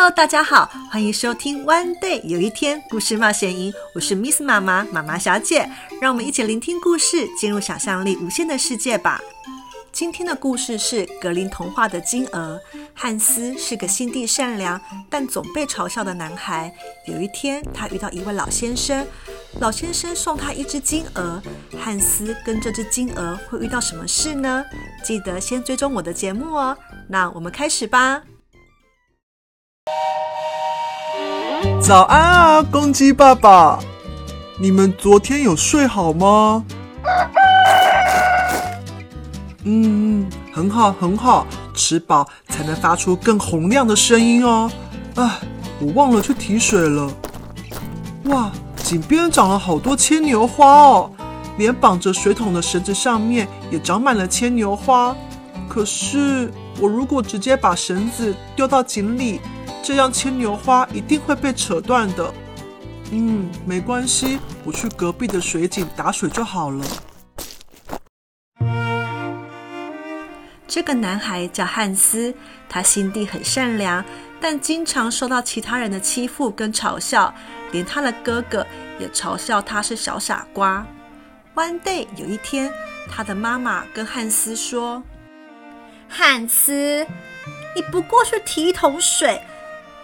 Hello，大家好，歡迎收聽《One Day 有一天故事冒險營》，我是 Miss 媽媽媽媽小姐，讓我們一起聆聽故事，進入想象力無限的世界吧。今天的故事是格林童話的《金鵝》。漢斯是個心地善良但總被嘲笑的男孩。有一天，他遇到一位老先生，老先生送他一隻金鵝。漢斯跟這隻金鵝會遇到什麼事呢？記得先追蹤我的節目哦。那我們開始吧。早安啊，公雞爸爸！你們昨天有睡好嗎？嗯嗯，很好很好，吃飽才能發出更洪亮的聲音哦。啊，我忘了去提水了。哇，井邊長了好多牽牛花哦，連綁着水桶的繩子上面也長滿了牽牛花。可是，我如果直接把繩子丟到井裡。這樣牽牛花一定會被扯斷的。嗯，沒關係，我去隔壁的水井打水就好了。這個男孩叫漢斯，他心地很善良，但經常受到其他人的欺負跟嘲笑，連他的哥哥也嘲笑他是小傻瓜。One day，有一天，他的媽媽跟漢斯說：“漢斯，你不過去提一桶水。”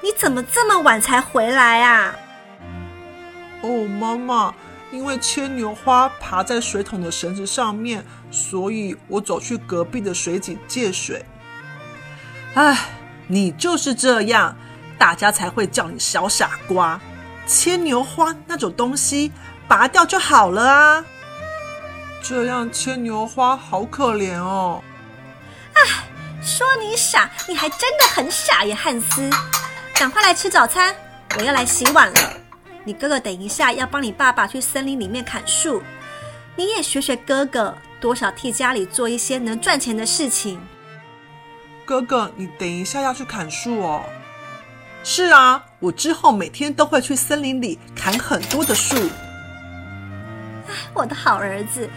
你怎麼這麼晚才回來啊？哦，媽媽，因為牽牛花爬在水桶的繩子上面，所以我走去隔壁的水井借水。唉，你就是這樣，大家才會叫你小傻瓜。牽牛花那種東西拔掉就好了啊，這樣牽牛花好可憐哦。唉，說你傻，你還真的很傻耶，漢斯。趕快來吃早餐，我要來洗碗了。你哥哥等一下要幫你爸爸去森林裡面砍樹，你也學學哥哥，多少替家裡做一些能賺錢的事情。哥哥，你等一下要去砍樹哦。是啊，我之後每天都會去森林裡砍很多的樹。唉，我的好兒子，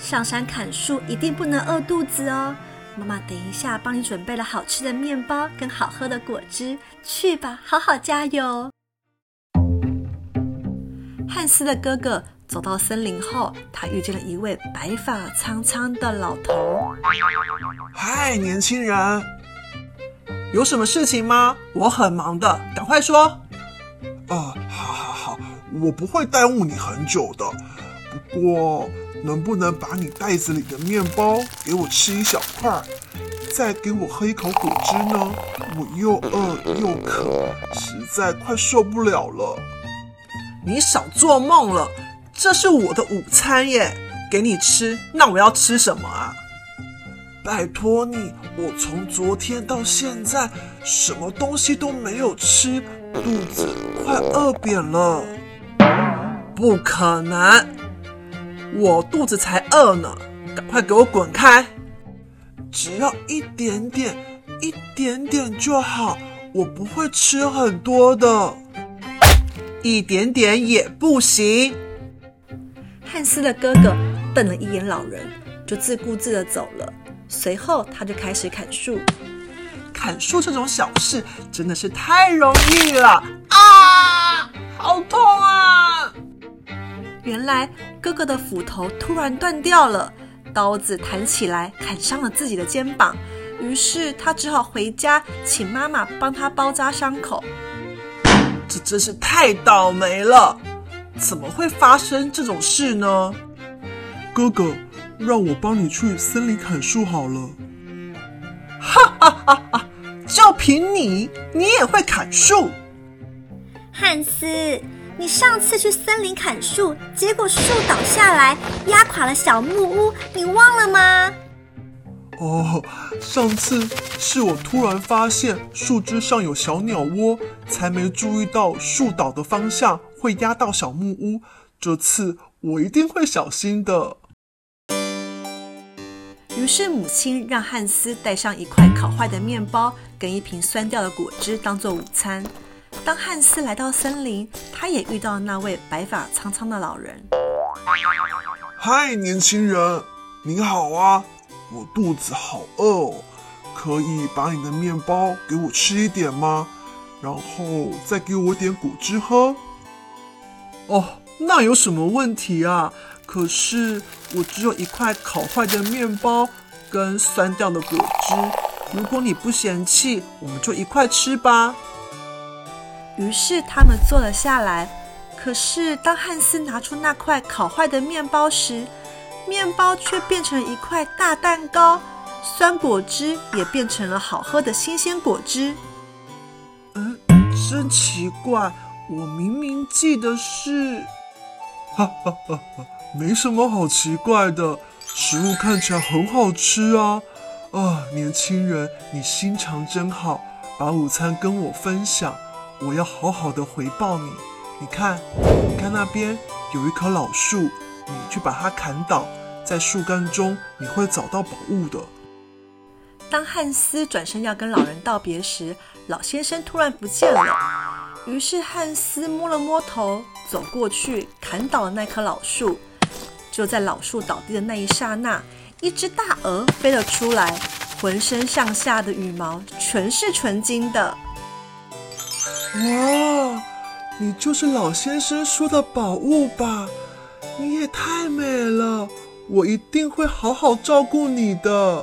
上山砍樹一定不能餓肚子哦。媽媽，等一下，幫你準備了好吃的麵包跟好喝的果汁，去吧，好好加油。漢斯的哥哥走到森林後，他遇見了一位白髮蒼蒼的老頭。嗨，年輕人，有什麼事情嗎？我很忙的，趕快說。哦、呃，好好好，我不會耽誤你很久的。不過，能不能把你袋子裡的麵包給我吃一小塊，再給我喝一口果汁呢？我又餓又渴，實在快受不了了。你少做夢了，這是我的午餐耶，給你吃，那我要吃什麼啊？拜托你，我從昨天到現在什麼東西都沒有吃，肚子快餓扁了。不可能！我肚子才餓呢，趕快給我滾開！只要一點點，一點點就好，我不會吃很多的。一點點也不行。漢斯的哥哥瞪了一眼老人，就自顧自的走了。隨後，他就開始砍樹。砍樹這種小事真的是太容易了啊！好痛啊！原來哥哥的斧頭突然斷掉了，刀子彈起來砍傷了自己的肩膀，於是他只好回家請媽媽幫他包紮傷口。這真是太倒霉了！怎麼會發生這種事呢？哥哥，讓我幫你去森林砍樹好了。哈哈哈哈！就憑你，你也會砍樹？漢斯。你上次去森林砍樹，結果樹倒下來壓垮了小木屋，你忘了嗎？哦，上次是我突然發現樹枝上有小鳥窩，才沒注意到樹倒的方向會壓到小木屋。這次我一定會小心的。於是母親讓漢斯帶上一塊烤壞的麵包跟一瓶酸掉的果汁當做午餐。當漢斯來到森林，他也遇到了那位白髮蒼蒼的老人。嗨，年輕人，你好啊！我肚子好餓哦，可以把你的面包給我吃一點嗎？然後再給我點果汁喝。哦，oh, 那有什麼問題啊？可是我只有一塊烤壞的面包跟酸掉的果汁，如果你不嫌棄，我們就一塊吃吧。於是他們坐了下來。可是當漢斯拿出那塊烤壞的麵包時，麵包卻變成一塊大蛋糕，酸果汁也變成了好喝的新鮮果汁。嗯，真奇怪，我明明記得是……哈哈哈哈哈，沒什麼好奇怪的，食物看起來很好吃啊。啊，年輕人，你心腸真好，把午餐跟我分享。我要好好的回報你。你看，你看那邊有一棵老樹，你去把它砍倒，在樹幹中你會找到寶物的。當漢斯轉身要跟老人道別時，老先生突然不見了。於是漢斯摸了摸頭，走過去砍倒了那棵老樹。就在老樹倒地的那一剎那，一只大鵝飛了出來，渾身上下的羽毛全是純金的。哇，你就是老先生說的寶物吧？你也太美了，我一定會好好照顧你的。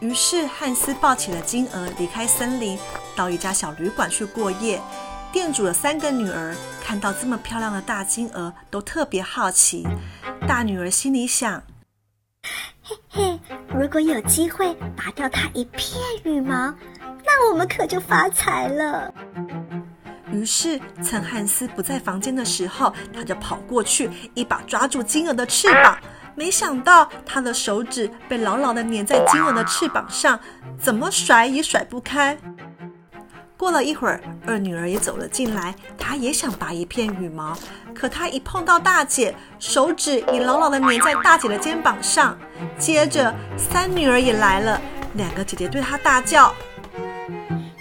於是漢斯抱起了金鵝，離開森林，到一家小旅館去過夜。店主的三個女兒看到這麼漂亮的大金鵝，都特別好奇。大女兒心裡想：嘿嘿，如果有機會拔掉它一片羽毛，那我們可就發財了。於是，趁漢斯不在房間的時候，他就跑過去，一把抓住金鵝的翅膀。沒想到，他的手指被牢牢的粘在金鵝的翅膀上，怎麼甩也甩不開。過了一會兒，二女兒也走了進來，她也想拔一片羽毛，可她一碰到大姐，手指已牢牢的粘在大姐的肩膀上。接着，三女兒也來了，兩個姐姐對她大叫。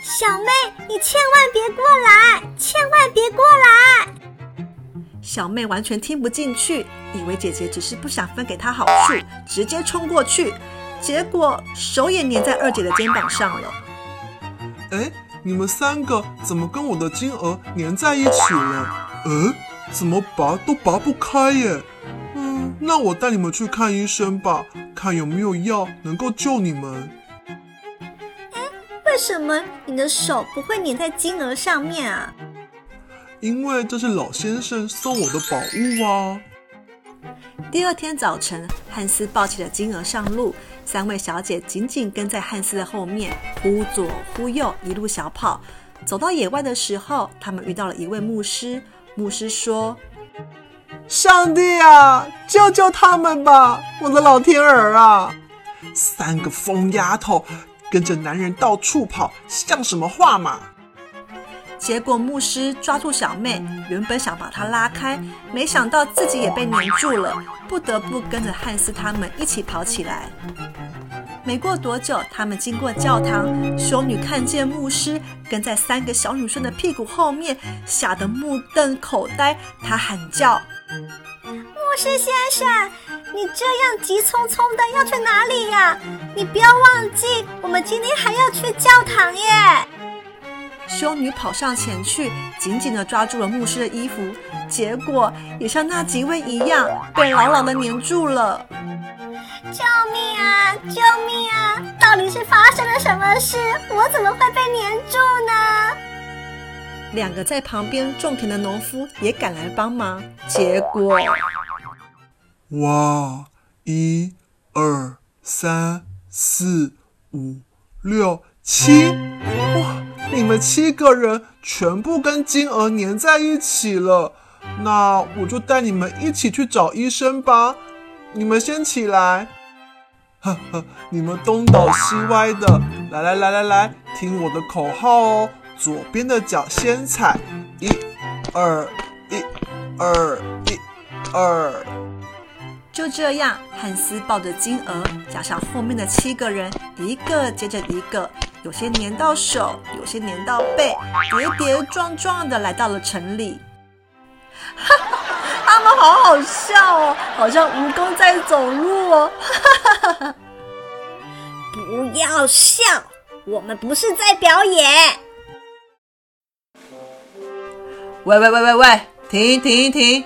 小妹，你千萬別過來，千萬別過來！小妹完全聽不進去，以為姐姐只是不想分給她好處，直接衝過去，結果手也粘在二姐的肩膀上了。哎、欸，你們三個怎麼跟我的金鵝粘在一起了？嗯、欸，怎麼拔都拔不開耶、欸？嗯，那我帶你們去看醫生吧，看有沒有藥能夠救你們。為什麼你的手不會粘在金鵝上面啊？因為這是老先生送我的寶物啊。第二天早晨，漢斯抱起了金鵝上路，三位小姐緊緊跟在漢斯的後面，忽左忽右，一路小跑。走到野外的時候，他們遇到了一位牧師。牧師說：“上帝啊，救救他們吧！我的老天兒啊，三個瘋丫頭！”跟着男人到處跑，像什麼話嘛！結果牧師抓住小妹，原本想把她拉開，沒想到自己也被黏住了，不得不跟着漢斯他們一起跑起來。沒過多久，他們經過教堂，修女看見牧師跟在三個小女生的屁股後面，嚇得目瞪口呆。她喊叫：“牧師先生！”你這樣急匆匆的要去哪裡呀？你不要忘記，我們今天還要去教堂耶！修女跑上前去，緊緊地抓住了牧師的衣服，結果也像那幾位一樣，被牢牢地粘住了。救命啊！救命啊！到底是發生了什麼事？我怎麼會被粘住呢？兩個在旁邊種田的農夫也趕來幫忙，結果，哇，一、二、三、四、五、六、七！哇，你們七個人全部跟金鵝粘在一起了。那我就帶你們一起去找醫生吧。你們先起來，呵呵，你們東倒西歪的，來來來來來，聽我的口號哦！左邊的腳先踩，一、二、一、二、一、二。就這樣，漢斯抱着金鵝，加上後面的七個人，一個接着一個，有些粘到手，有些粘到背，跌跌撞撞地來到了城裡。哈哈哈，他們好好笑哦，好像蜈蚣在走路哦。哈哈哈哈哈！不要笑，我們不是在表演。喂喂喂喂喂！停停停！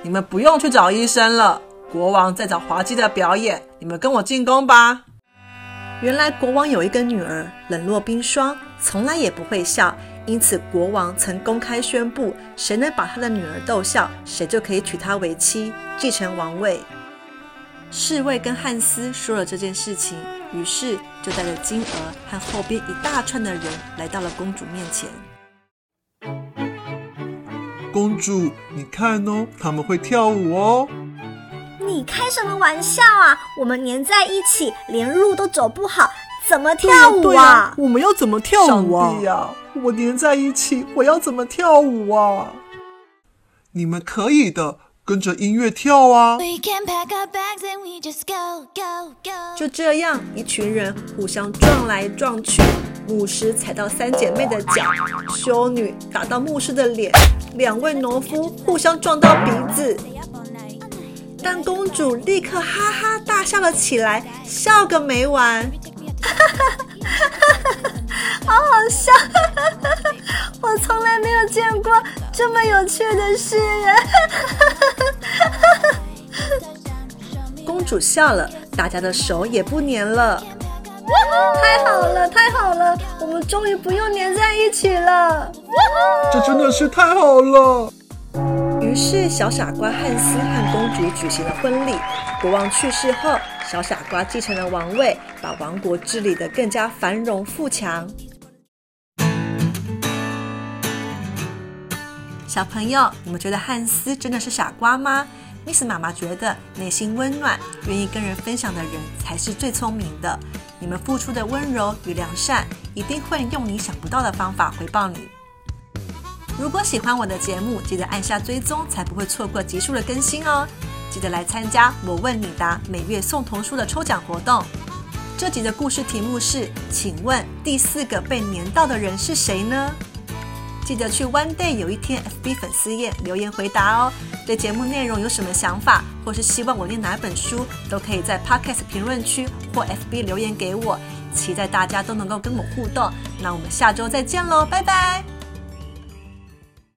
你們不用去找醫生了。國王在找滑稽的表演，你們跟我進宮吧。原來國王有一個女兒，冷若冰霜，從來也不會笑，因此國王曾公開宣布，誰能把他的女兒逗笑，誰就可以娶她為妻，繼承王位。侍衛跟漢斯說了這件事情，於是就帶着金鵝和後邊一大串的人來到了公主面前。公主，你看哦，他們會跳舞哦。你開什麼玩笑啊！我們粘在一起，連路都走不好，怎麼跳舞啊？對對啊，我們要怎麼跳舞啊？上帝呀、啊！我粘在一起，我要怎麼跳舞啊？你們可以的，跟着音樂跳啊！就這樣，一群人互相撞來撞去，牧師踩到三姐妹的腳，修女打到牧師的臉，兩位農夫互相撞到鼻子。但公主立刻哈哈，哈哈大笑了起來，笑個沒完。 好好笑， 我從來沒有見過這麼有趣的事。 公主笑了，大家的手也不粘了。太好了，太好了，我們終於不用粘在一起了。 這真的是太好了。是，小傻瓜漢斯和公主舉行了婚禮。國王去世後，小傻瓜繼承了王位，把王國治理得更加繁榮富強。小朋友，你們覺得漢斯真的是傻瓜嗎？Miss 媽媽覺得，內心溫暖、願意跟人分享的人才是最聰明的。你們付出的溫柔與良善，一定會用你想不到的方法回報你。如果喜歡我的節目，記得按下追蹤，才不會錯過集數的更新哦。記得來參加“我問你答”每月送童書的抽獎活動。這集的故事題目是：“請問第四個被粘到的人是誰呢？”記得去 One Day 有一天 FB 粉絲頁留言回答哦。對節目內容有什麼想法，或是希望我念哪本書，都可以在 Podcast 評論區或 FB 留言給我。期待大家都能夠跟我互動。那我們下週再見嘍，拜拜。